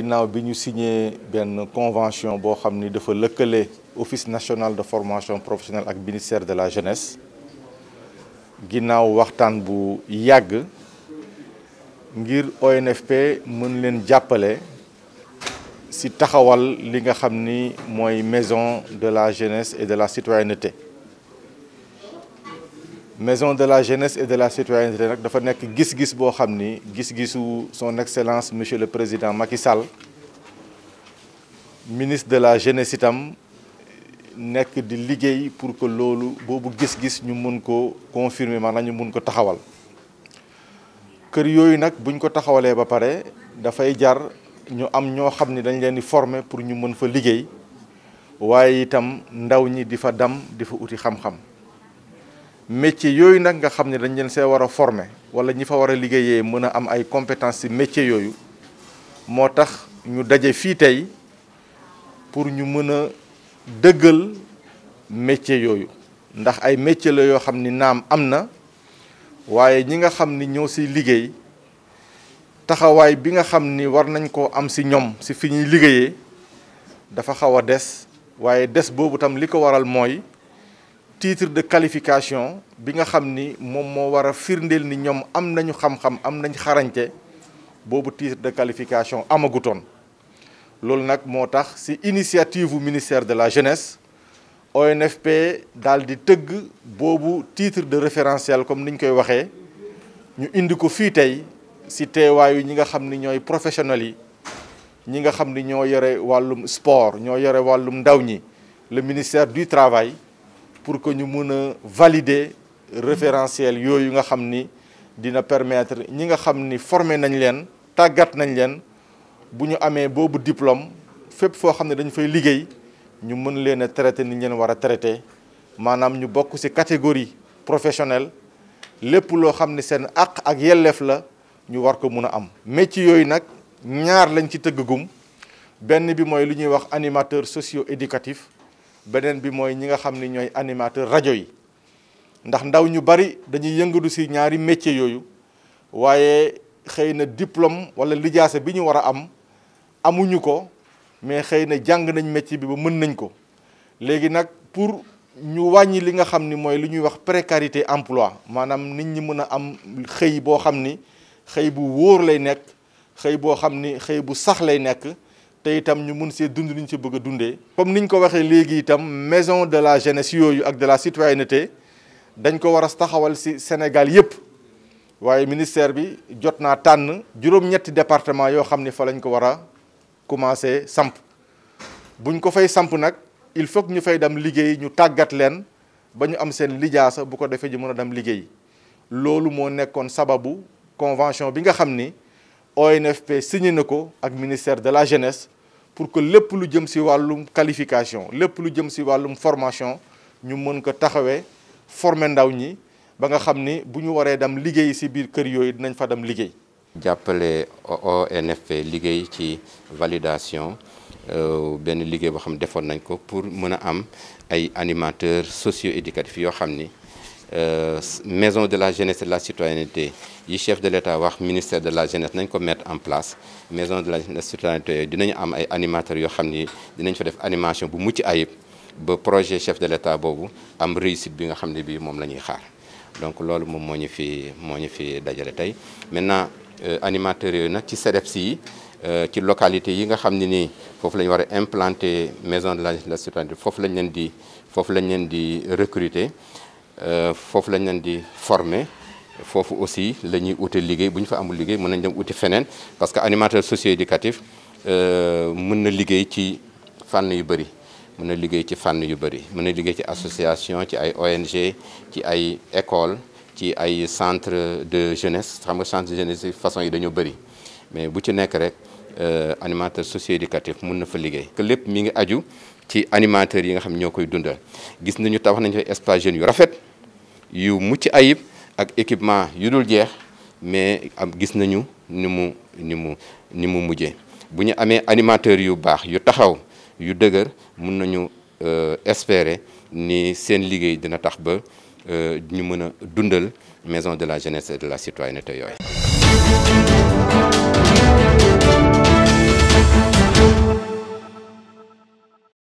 ginnaaw bi ñu signé benn convention boo xam ni dafa lëkkale office national de formation professionnelle ak ministère de la jeunesse ginnaaw waxtaan bu yàgg ngir ONFP mën leen jàppale si taxawal li nga xam ni mooy maison de la jeunesse et de la citoyenneté maison de la jeunesse et de la citoyenneté nag dafa nekk gis-gis boo xam ni gis-gisu son excellence monsieur le président Macky Sall ministre de la jeunesse itam nekk di liggéey pour que loolu boobu gis-gis ñu mën ko confirmer maanaam ñu mun ko taxawal kër yooyu nag buñ ko taxawalee ba pare dafay jar ñu am ñoo xam ni dañ leen di former pour ñu mën fa liggéey waaye itam ndaw ñi di fa dam di fa uti xam-xam métier yooyu nag nga xam ne dañ leen see war a former wala ñi fa war a liggéeyee mën a am ay compétence ci métier yooyu moo tax ñu daje fii tey pour ñu mën a dëggal métier yooyu ndax ay métier la yoo xam ni naam am na waaye ñi nga xam ni ñëw siy liggéey taxawaay bi nga xam ni war nañ koo am si ñoom si fi ñuy liggéeyee dafa xaw a des waaye des boobu tam li ko waral mooy tiitre de qualification bi nga xam ni moom moo war a firndeel ni ñoom am nañu xam-xam am nañ xarañte boobu titre de qualification amagutoon loolu nag moo tax ci initiative bu ministère de la jeunesse ONFP daal di tëgg boobu tiitre de référentiel comme niñ koy waxee ñu indi ko fii tey ci teewaayu ñi nga xam ni ñooy professionnels yi ñi nga xam ni ñoo yore wàllum sport ñoo yore wàllum ndaw ñi le ministère du travail pour que ñu mun a valider référentiel yooyu nga xam ni dina permettre ñi nga xam ni formé nañ leen tàggat nañ leen bu ñu amee boobu diplôme fépp foo xam ne dañ fay liggéey ñu mën leen a traité ni ñu leen war a traité maanaam ñu bokk ci catégorie professionnel lépp loo xam ni seen àq ak yelleef la ñu war ko mun a am. métier yooyu nag ñaar lañ ci tëggagum benn bi mooy lu ñuy wax animateur socio éducatif. beneen bi mooy ñi nga xam ni ñooy animateur rajo yi ndax ndaw ñu bari dañuy yëngatu si ñaari métier yooyu waaye xëy na diplôme walla lijaase bi ñu war a am amuñu ko mais xëy na jàng nañ métier bi ba mën nañ ko léegi nag pour ñu wàññi li nga xam ni mooy li ñuy wax précarité emploi maanaam nit ñi mën a am xëy boo xam ni xëy bu wóor lay nekk xëy boo xam ni xëy bu sax lay nekk te itam ñu mun see dund li si ci bëgg a dundee. comme niñ ko waxee léegi itam maison de la jeunesse yooyu ak de la citoyenneté dañ ko war a taxawal ci Sénégal yëpp waaye ministère bi jot naa tànn juróom-ñetti département yoo xam ni fa lañ ko war a commencer samp buñ ko fay samp nag il faut ñu fay dem liggéey ñu tàggat leen ba ñu am seen lijaasa bu ko defee ñu mën a dem liggéey loolu moo nekkoon sababu convention bi nga xam ni. ONFP signé na ko ak ministère de la jeunesse pour que lépp lu jëm si wàllum qualification lépp lu jëm si wàllum formation ñu mën ko taxawee former ndaw ñi ba nga xam ni bu ñu waree dem liggéey si biir kër yooyu dinañ fa dem liggéey. jàppale ONFP liggéey ci validation euh, benn liggéey boo xam defoon nañ ko pour mën a am ay animateurs socio-éducatifs yoo xam ni. Euh, maison de la jeunesse et de la citoyenneté yi chef de l'État wax ministère de la jeunesse nañ ko mettre en place maison de la jeunesse citoyenneté yooyu dinañu am ay animateurs yoo xam ni dinañ fa def animation bu mucc ayib ba projet chef de l'État boobu am réussite nga xam ne bii moom la ñuy xaar donc loolu moom moo ñu fi moo ñu fi dajale tey maintenant euh, animateurs yooyu nag ci CEDEPS yi euh, ci localité yi nga xam ne nii foofu la ñu war a implanter maison de la jeunesse et de la citoyenneté foofu lañ leen di foofu lañ leen di recruter. Euh, foofu lañ leen di former foofu aussi la ñuy liggéey bu ñu fa amul liggéey mën nañ dem uti feneen parce que animateur socio-éducatif euh, mën na liggéey ci fànn yu bëri mën na liggéey ci fànn yu bëri mën na liggéey ci association ci ay ONG ci ay école ci ay centre de jeunesse xam nga centre de jeunesse façon yi dañoo bëri mais bu ci nekk rek euh, animateur socio-éducatif mën na fa liggéey que lépp mi ngi aju ci animateurs yi nga xam ñoo koy dundal gis nañu tabax nañu fa espace jeunes yu rafet yu mucc ayib ak équipement yu dul jeex mais am gis nañu ni mu ni mu ni mu mujjee bu ñu amee animateurs yu baax yu taxaw yu dëgër mun nañu euh, espérer ni seen liggéey dina tax ba euh, ñu mën a dundal maison de la jeunesse et de la citoyenneté yooyu